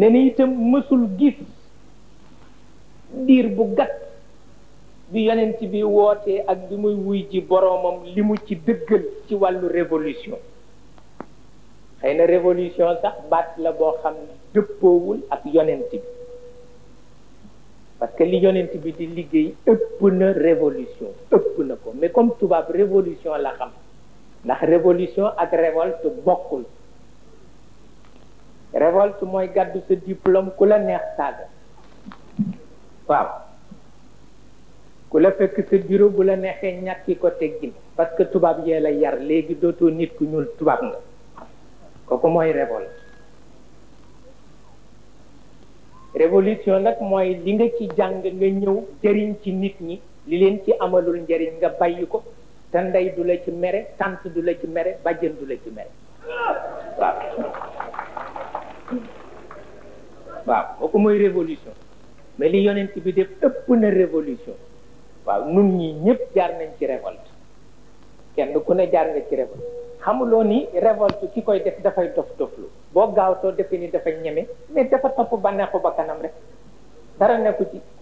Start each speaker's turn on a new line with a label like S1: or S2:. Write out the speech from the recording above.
S1: Ne ni itam mësul gis diir bu gàtt bi yonent bi wootee ak bi muy wuy ji boromam li ci dëggal ci wàllu révolution xëy na révolution sax baat la boo xam ne dëppoowul ak yonent bi parce que li yonent bi di liggéey ëpp na révolution ëpp na ko mais comme tubaab révolution la xam ndax révolution ak révolte bokkul révolte mooy gàddu sa diplôme ku la neex saaga waaw ku la fekk sa bureau bu la neexee ñàkki ko teggin parce que tubaab yee la yar léegi dootoo nit ku ñuul tubaab nga kooku mooy révolte révolution nag mooy li nga ci jàng nga ñëw jëriñ ci nit ñi li leen ci amalul njëriñ nga bàyyi ko te ndey du la ci mere tant du la ci mere bàjjen du la ci mere waaw kooku mooy révolution mais li yonent bi def ëpp na révolution waaw nun ñi ñëpp jaar nañ ci révolte kenn ku ne jaar nga ci révolte xamuloo ni révolte ki koy def dafay dof doflu boo too defe ni dafa ñeme mais dafa topp bànneexu ba kanam rek dara nekku ci